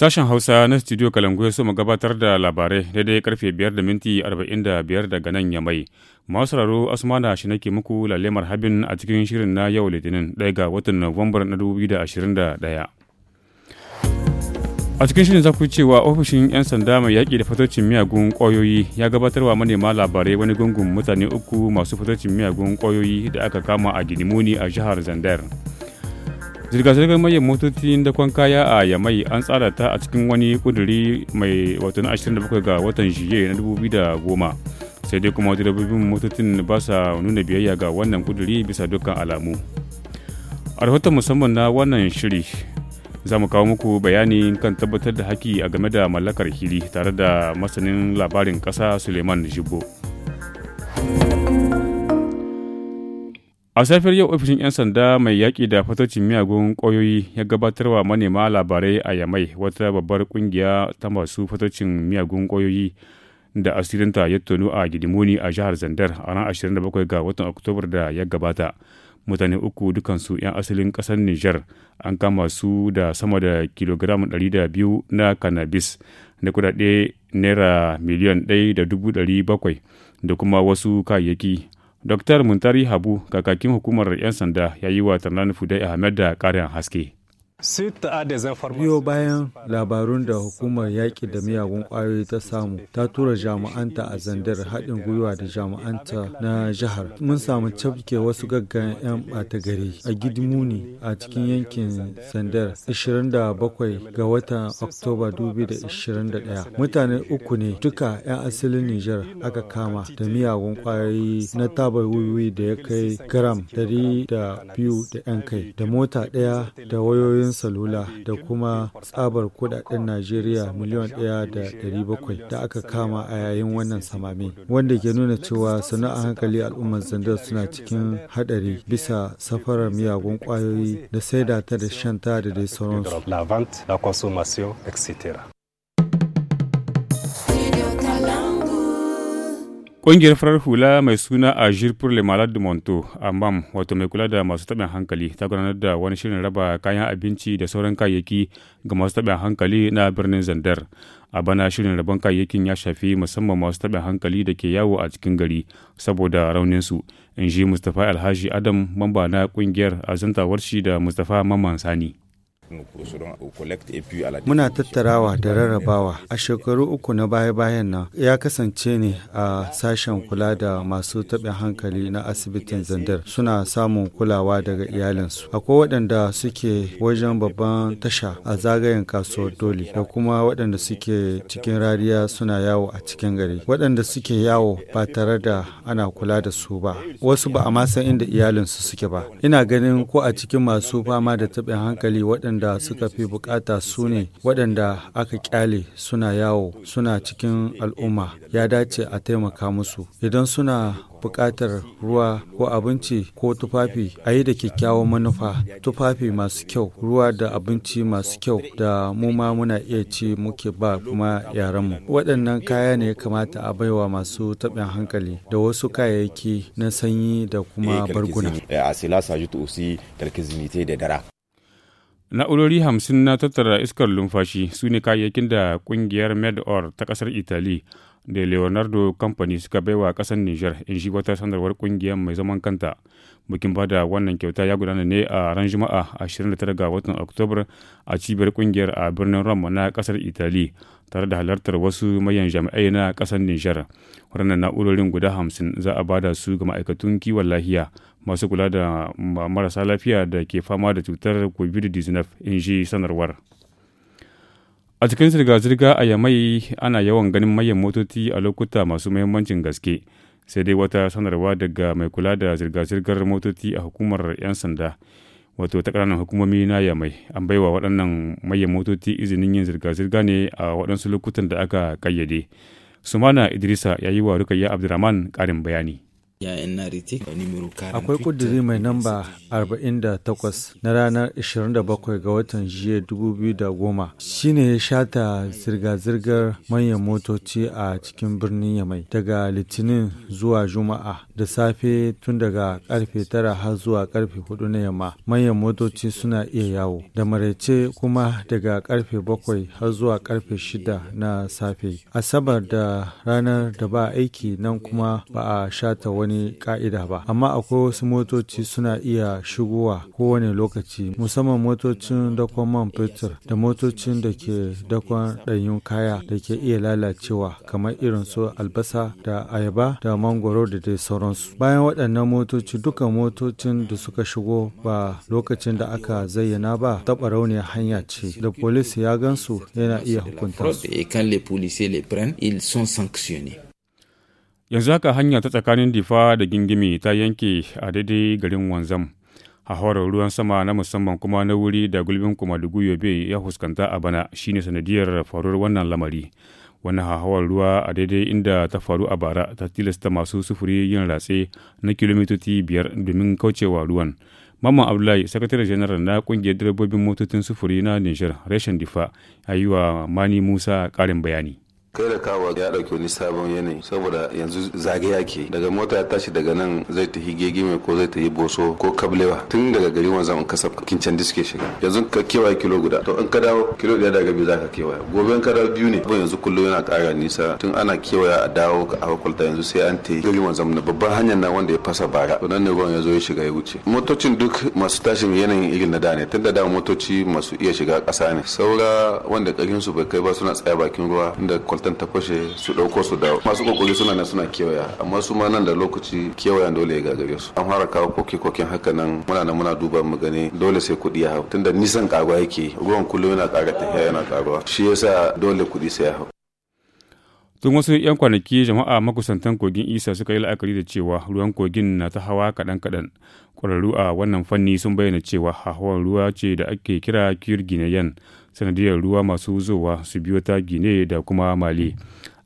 Sashen Hausa na Studio Kalangu ya so mu gabatar da labarai daidai karfe 5 da minti 45 daga nan ya mai. Masu raro Asmana shi nake muku lalemar habin a cikin shirin na yau Litinin ɗaya ga watan Nuwambar na 2021. A cikin shirin za cewa ofishin 'yan sanda mai yaƙi da fatocin miyagun ƙwayoyi ya gabatar wa manema labarai wani gungun mutane uku masu fatocin miyagun ƙwayoyi da aka kama a Ginimuni a jihar Zandar. zirga-zirgar mayan motocin dakon kaya a yamai an tsara ta a cikin wani kuduri mai wato 27 ga watan juye na 2010 sai dai kuma direbobin motocin ba sa nuna biyayya ga wannan kuduri bisa dukkan alamu a rahoton musamman na wannan shiri za mu kawo muku bayani kan tabbatar da haki a game da mallakar hili tare da masanin labarin ƙasa suleiman jibo A safiyar yau ofishin 'yan sanda mai yaƙi da fatocin miyagun ƙwayoyi ya gabatar wa manema labarai a Yamai wata babbar ƙungiya ta masu fatocin miyagun ƙwayoyi da asirinta ya tono a Gidimoni a jihar Zandar a ran 27 ga watan Oktobar da ya gabata. Mutane uku dukansu 'yan asalin ƙasar niger an kama su da sama da kilogram 200 na cannabis da kudade naira miliyan 1.7 da kuma wasu kayayyaki Dr. Muntari Habu, kakakin hukumar 'yan sanda, ya yi wa Tarnan Fudai Ahmed da ƙarin haske. Biyo bayan labarun da hukumar yaƙi da miyagun ƙwayoyi ta samu ta tura jami'anta a zandar haɗin gwiwa da jami'anta na jihar. Mun samu cafke wasu gaggayan 'yan ɓata gari a Gidimuni a cikin yankin zandar 27 ga watan Oktoba 2021. Mutane uku ne duka 'yan asalin Nijar aka kama da miyagun ƙwayoyi na tabar wiwi da ya kai gram 200 da 'yan kai da mota ɗaya da wayoyin kudin salula da kuma tsabar kudaden Najeriya miliyan ɗaya da ɗari bakwai da aka kama a yayin wannan samami wanda ke nuna cewa sana a hankali al'ummar Zandar suna cikin haɗari bisa safarar miyagun kwayoyi da saida ta da shanta da dai sauransu. Ƙungiyar farar hula mai suna a Jirpur Le Malade de Monto, Amam, wato mai kula da masu taɓin hankali, ta gudanar da wani shirin raba kayan abinci da sauran kayayyaki ga masu taɓin hankali na birnin Zandar. A bana shirin rabon kayayyakin ya shafi musamman masu taɓin hankali da ke yawo a cikin gari saboda rauninsu, in ji Mustapha Alhaji Adam, mamba na ƙungiyar a zantawar shi da Mustapha Mamman Sani. Muna tattarawa da rarrabawa a shekaru uku na baya-bayan nan ya kasance ne a sashen kula da masu taɓin hankali na asibitin zandar suna samun kulawa daga iyalinsu. Akwai waɗanda suke wajen babban tasha a zagayen kasuwar doli da kuma waɗanda suke cikin rariya suna yawo a cikin gari. Waɗanda suke yawo ba tare da ana kula da su ba. Wasu ba a ma inda iyalinsu suke ba. Ina ganin ko a cikin masu fama da taɓin hankali waɗanda waɗanda suka fi bukata su ne waɗanda aka ƙyale suna yawo suna cikin al'umma ya dace a taimaka musu idan suna buƙatar ruwa ko abinci ko tufafi a yi da kyakkyawan manufa tufafi masu kyau ruwa da abinci masu kyau da mu ma muna iya ci muke ba kuma mu waɗannan kaya ne kamata a baiwa masu taɓin hankali da wasu kayayyaki na sanyi da kuma eh, barguna eh, Na'urori hamsin na tattara iskar lumfashi su ne kayayyakin da ƙungiyar MedOr ta ƙasar Itali da leonardo company suka baiwa kasar niger in shi wata sanarwar kungiyar mai zaman kanta bikin bada wannan kyauta ya gudana ne a ran juma'a 29 ga watan oktobar a cibiyar kungiyar a birnin roma na kasar italy tare da halartar wasu mayan jami'ai na kasar niger waɗannan na'urorin guda hamsin za a bada su ga ma'aikatun kiwon lafiya masu kula da marasa lafiya da ke fama da cutar covid-19 in ji sanarwar. A cikin zirga-zirga a Yamai ana yawan ganin mayan motoci a lokuta masu muhimmancin gaske, sai dai wata sanarwa daga mai kula da zirga-zirgar motoci a hukumar 'yan sanda, wato ta ƙananan hukumomi na Yamai, an baiwa waɗannan mayan motoci izinin yin zirga-zirga ne a waɗansu lokutan da aka kayyade Sumana Idrisa ya yi wa Rukayya abdulrahman ƙarin bayani. Akwai ƙudiri mai namba 48 na ranar 27 ga watan jiya 2010 shine ya shata zirga-zirgar manyan motoci a cikin birnin Yamai daga Litinin zuwa Juma'a da safe tun daga karfe 9 har zuwa karfe 4 na yamma. Manyan motoci suna iya yawo da maraice kuma daga karfe 7 har zuwa karfe 6 na safe. Asabar da ranar da ba aiki nan kuma ba a shata wani wani ka'ida ba amma akwai wasu motoci suna iya shigowa kowane lokaci musamman motocin dakon man fetur da motocin da ke dakon ɗanyun kaya da ke iya lalacewa kamar irin su albasa da ayaba da mangoro da dai sauransu bayan waɗannan motoci duka motocin da suka shigo ba lokacin da aka zayyana ba taɓa rauniyar hanya ce da polisi ya gansu yana iya hukunta su yanzu haka hanya ta tsakanin difa da gingimi ta yanke a daidai garin wanzam horar ruwan sama na musamman kuma na wuri da gulbin kumadugu yobe ya fuskanta a bana shine sanadiyar faruwar wannan lamari wani hahawar ruwa a daidai inda ta faru a bara ta tilasta masu sufuri yin ratse na kilomitoci biyar domin kaucewa ruwan Mamman Abdullahi, sakataren janar na kungiyar direbobin motocin sufuri na Nijar, reshen Difa, ya yi wa Mani Musa ƙarin bayani. kai da kawo ya dauki wani sabon yanayi saboda yanzu zage ke daga mota ya tashi daga nan zai tafi gime ko zai tafi boso ko kablewa tun daga gari wanzan an kasa kincin shiga yanzu ka kewaye kilo guda to in ka dawo kilo daya daga biyu zaka kewaya gobe in ka dawo biyu ne yanzu kullum yana kara nisa tun ana kewaya a dawo ka kwalta yanzu sai an te gari wanzan na babban hanyar na wanda ya fasa bara to nan ne ruwan ya zo ya shiga ya wuce motocin duk masu tashin yanayin irin na da ne tun da da motoci masu iya shiga kasa ne saura wanda ƙarfin su bai kai ba suna tsaya bakin ruwa inda kwalta motan ta kwashe su ɗauko su dawo masu kokari suna nan suna kewaya amma su ma nan da lokaci kewayan dole ya gagare su an fara kawo koke-koken haka nan muna nan muna duba mu gani dole sai kuɗi ya hau tunda nisan ƙaruwa yake ruwan kullum yana ƙara tafiya yana ƙaruwa shi yasa dole kuɗi sai ya hau tun wasu 'yan kwanaki jama'a makusantan kogin isa suka yi la'akari da cewa ruwan kogin na ta hawa kaɗan-kaɗan ƙwararru a wannan fanni sun bayyana cewa hawan ruwa ce da ake kira kirginayen sanadiyar ruwa masu zuwa su biyo ta gine da kuma mali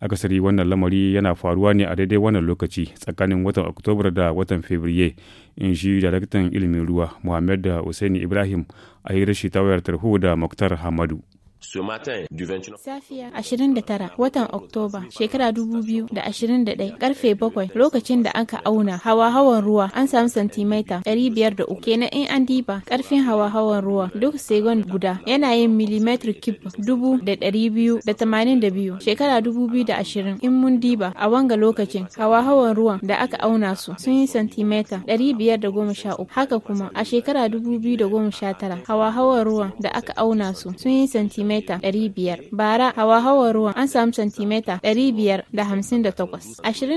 akasari wannan lamari yana faruwa ne a daidai wannan lokaci tsakanin watan oktobar da watan fabriye in shi daraktan ilimin ruwa muhammad da ibrahim a yi rashi ta wayar tarho da muktar hamadu Safiya 29 watan Oktoba shekara 2021 karfe 7 lokacin da aka auna hawa-hawan ruwa an samu santimita 503 kenan in an diba karfin hawa-hawan ruwa duk segon guda yana yin millimeter cube 282 shekara 2020 in mun diba a wanga lokacin hawa-hawan ruwan da aka auna su sun yi santimita 513 haka kuma a shekara 2019 hawa-hawan ruwan da aka auna su sun yi santimita santimeta biyar bara hawa-hawa ruwan an samu santimeta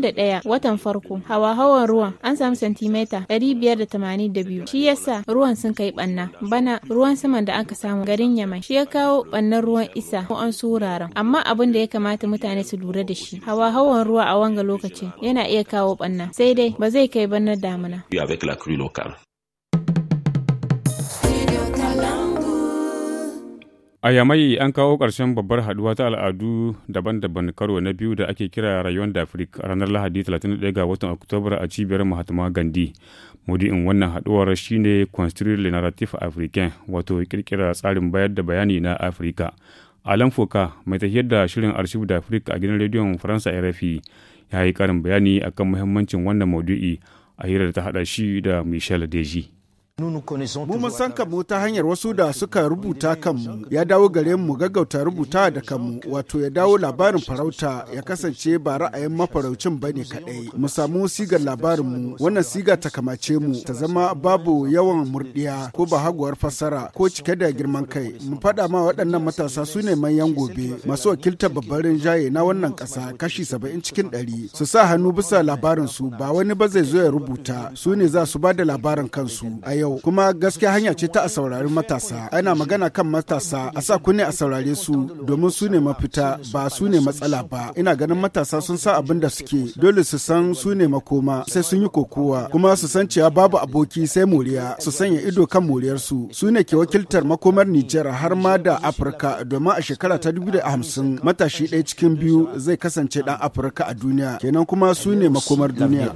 da ɗaya watan farko hawa-hawan ruwan an samu santimeta biyu. shi yasa ruwan sun kai ɓanna. bana ruwan saman da aka samu garin yamai shi ya kawo ɓannan ruwan isa ko an su amma abin da ya kamata mutane su lura da shi hawa-hawan ruwa a wanga lokacin yana iya kawo ɓanna. sai dai ba zai kai na damuna A Yamai an kawo ƙarshen babbar haɗuwa ta al'adu daban-daban karo na biyu da ake kira Rayon Dafrik a ranar Lahadi 31 ga watan oktobar a cibiyar Mahatma Gandhi. Mudi'in wannan haɗuwar shine Construire le narrative Africain wato kirkira tsarin bayar da bayani na Afirka. Alan Foka mai tafiyar da shirin Archive d'Afrique a gidan rediyon Faransa RFI ya yi karin bayani akan muhimmancin wannan maudu'i a hirar ta haɗa shi da Michel Deji. Mu mun san kanmu ta hanyar wasu da suka rubuta kanmu ya dawo gare mu gaggauta rubuta da kanmu wato ya dawo labarin farauta ya kasance ba ra'ayin mafaraucin ba ne kaɗai. Mu samu sigar labarin mu wannan siga ta kamace mu ta zama babu yawan murɗiya ko ba haguwar fassara ko cike da girman kai. Mu faɗa ma waɗannan matasa su ne manyan gobe masu wakiltar babbarin rinjaye na wannan ƙasa kashi saba'in cikin ɗari su sa hannu bisa su ba wani ba zai zo ya rubuta su ne za su ba da labarin kansu a yau. kyau kuma gaskiya hanya ce ta a saurari matasa ana magana kan matasa a sa kunne a saurare su domin su ne mafita ba su ne matsala ba ina ganin matasa sun sa abin da suke dole su san su ne makoma sai sun yi kokowa kuma su san cewa babu aboki sai moriya su sanya ido kan moriyarsu su ne ke wakiltar makomar Nijar har ma da Afirka domin a shekara ta 2050 matashi ɗaya cikin biyu zai kasance ɗan Afirka a duniya kenan kuma su ne makomar duniya.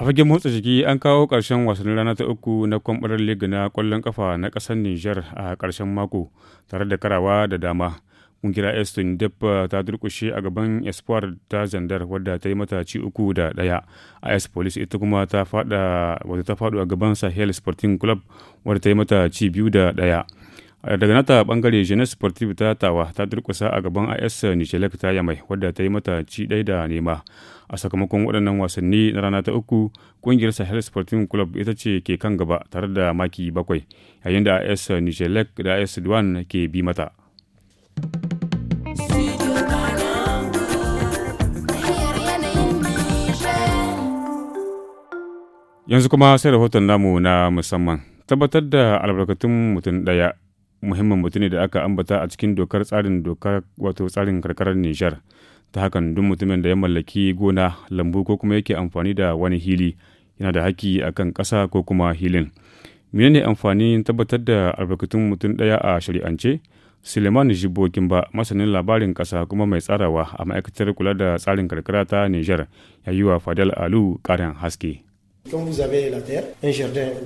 a fagen motsa jiki an kawo ƙarshen wasannin rana ta uku na kwambarar liga na ƙwallon kafa na ƙasar niger a ƙarshen mako tare da karawa da dama ƙungiyar eston dep ta durƙushe a gaban espoir ta zandar wadda ta yi mata ci uku da ɗaya is police ita kuma ta faɗo a gaban sahel sporting club wadda ta yi mata ci biyu da ɗaya daga nata bangare jeunesse sportive ta tawa ta durkusa a gaban as nijelek ta yamai wadda ta yi mata ci ɗai da nema a sakamakon waɗannan wasanni na rana ta uku ƙungiyar sahel sporting club ita ce ke kan gaba tare da maki bakwai yayin da as nijelek da as duwan ke bi mata yanzu kuma sai rahoton namu na musamman tabbatar da albarkatun mutum ɗaya muhimmin mutum ne da aka ambata a cikin dokar tsarin dokar wato tsarin karkarar Nijar. Ta hakan duk mutumin da ya mallaki gona, lambu ko kuma yake amfani da wani hili yana da haki akan ƙasa ko kuma hilin. Menene amfanin tabbatar da albarkatun mutum ɗaya a shari'ance? Suleiman Jibokin ba masanin labarin ƙasa kuma mai tsarawa a ma'aikatar kula da tsarin karkara ta Nijar ya yi Fadal Alu ƙarin haske.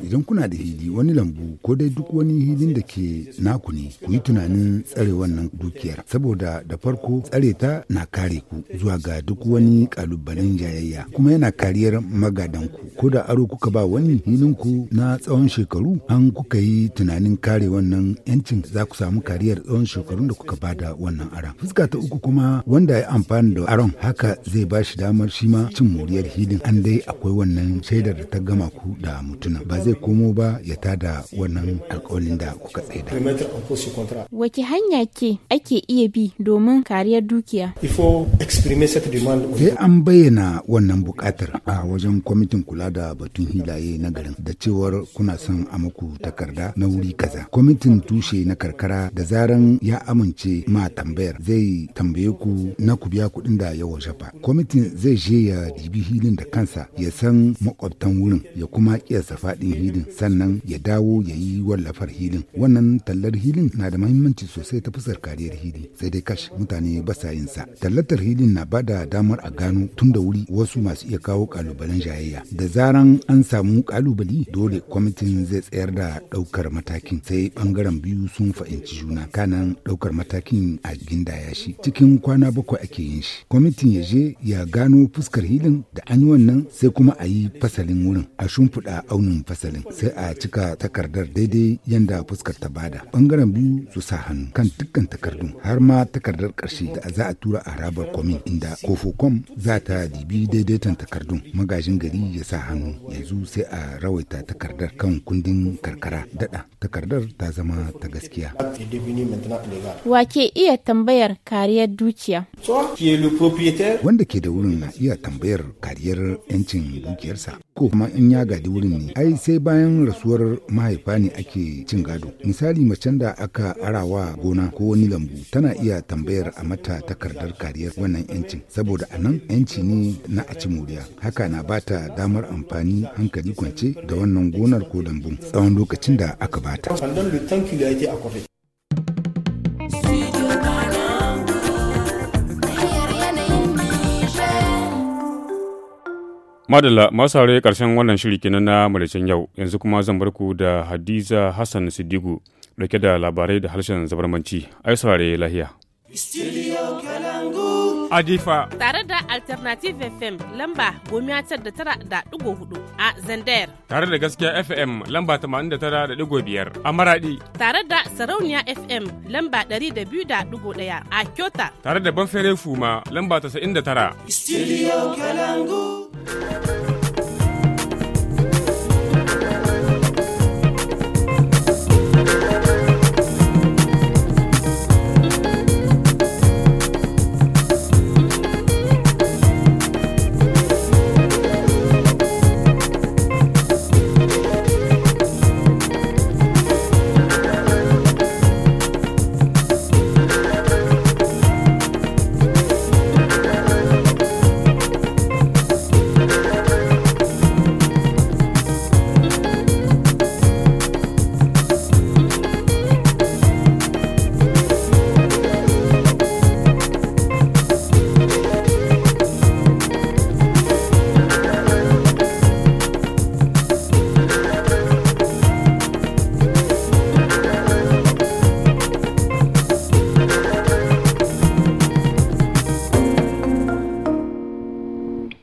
Idan kuna da hili wani lambu ko dai duk wani hilin da ke naku ne ku yi tunanin tsare wannan dukiyar saboda da farko tsare ta na kare ku zuwa ga duk wani kalubalen jayayya kuma yana kariyar magadanku ko da aro kuka ba wani ku na tsawon shekaru an kuka yi tunanin kare wannan yancin za ku samu kariyar tsawon shekarun da kuka bada wannan aron. Fuska ta uku kuma wanda ya amfani da aron haka zai ba shi damar shi ma cin moriyar hilin an dai akwai wannan shaida jaridar da ta gama ku da mutuna ba zai komo ba ya da wannan alkawalin da kuka tsaida. Wace hanya ke ake iya bi domin kariyar dukiya? Sai an bayyana wannan bukatar a wajen kwamitin kula da batun hilaye na garin da cewar kuna son a muku takarda na wuri kaza. Kwamitin tushe na karkara da zaran ya amince ma tambayar zai tambaye ku na ku biya kuɗin da ya washe fa. Kwamitin zai je ya dibi hilin da kansa ya san makwab makwabtan wurin ya kuma kiyasta faɗin hilin sannan ya dawo ya yi wallafar hilin wannan tallar hilin na da mahimmanci sosai ta fusar kariyar hili sai dai kash mutane ba sa yin sa tallatar hilin na ba da damar a gano tun da wuri wasu masu iya kawo kalubalen jayayya da zaran an samu kalubali dole kwamitin zai tsayar da ɗaukar matakin sai bangaren biyu sun fahimci juna kanan ɗaukar matakin a gindaya shi cikin kwana bakwai ake yin shi kwamitin ya je ya gano fuskar hilin da an yi wannan sai kuma a yi fasa fasalin wurin a shimfiɗa aunin fasalin sai a cika takardar daidai yadda fuskar ta bada bangaren biyu su sa hannu kan dukkan takardun har ma takardar karshe da za a tura a harabar komin inda kofokom za ta dibi daidaitan takardun magajin gari ya sa hannu yanzu sai a rawaita takardar kan kundin karkara dada takardar ta zama ta gaskiya wake iya tambayar kariyar dukiya wanda ke da wurin na iya tambayar kariyar 'yancin dukiyarsa ko kuma in ya gadi wurin ne ai sai bayan rasuwar mahaifa ne ake cin gado misali macen da aka arawa gona ko wani lambu tana iya tambayar a mata takardar kariyar wannan yancin saboda a nan yanci ne na a ci moriya haka na bata damar amfani hankali kwance da wannan gonar ko lambun tsawon lokacin da aka bata Madalla masu haure karshen wannan shiri kenan na malicin yau yanzu kuma zan bar ku da Hadiza Hassan Siddigu dauke da labarai da harshen zabarmanci. Ai saurare lahiya. Studio Adifa. Tare da Alternative FM lamba gomiya da tara da ɗigo hudu. a zander. Tare da gaskiya FM lamba 89.5 a Maradi. Tare da Sarauniya FM lamba 200.1 a Kyota. Tare da Banfere Fuma lamba 99. Studio Kalangu.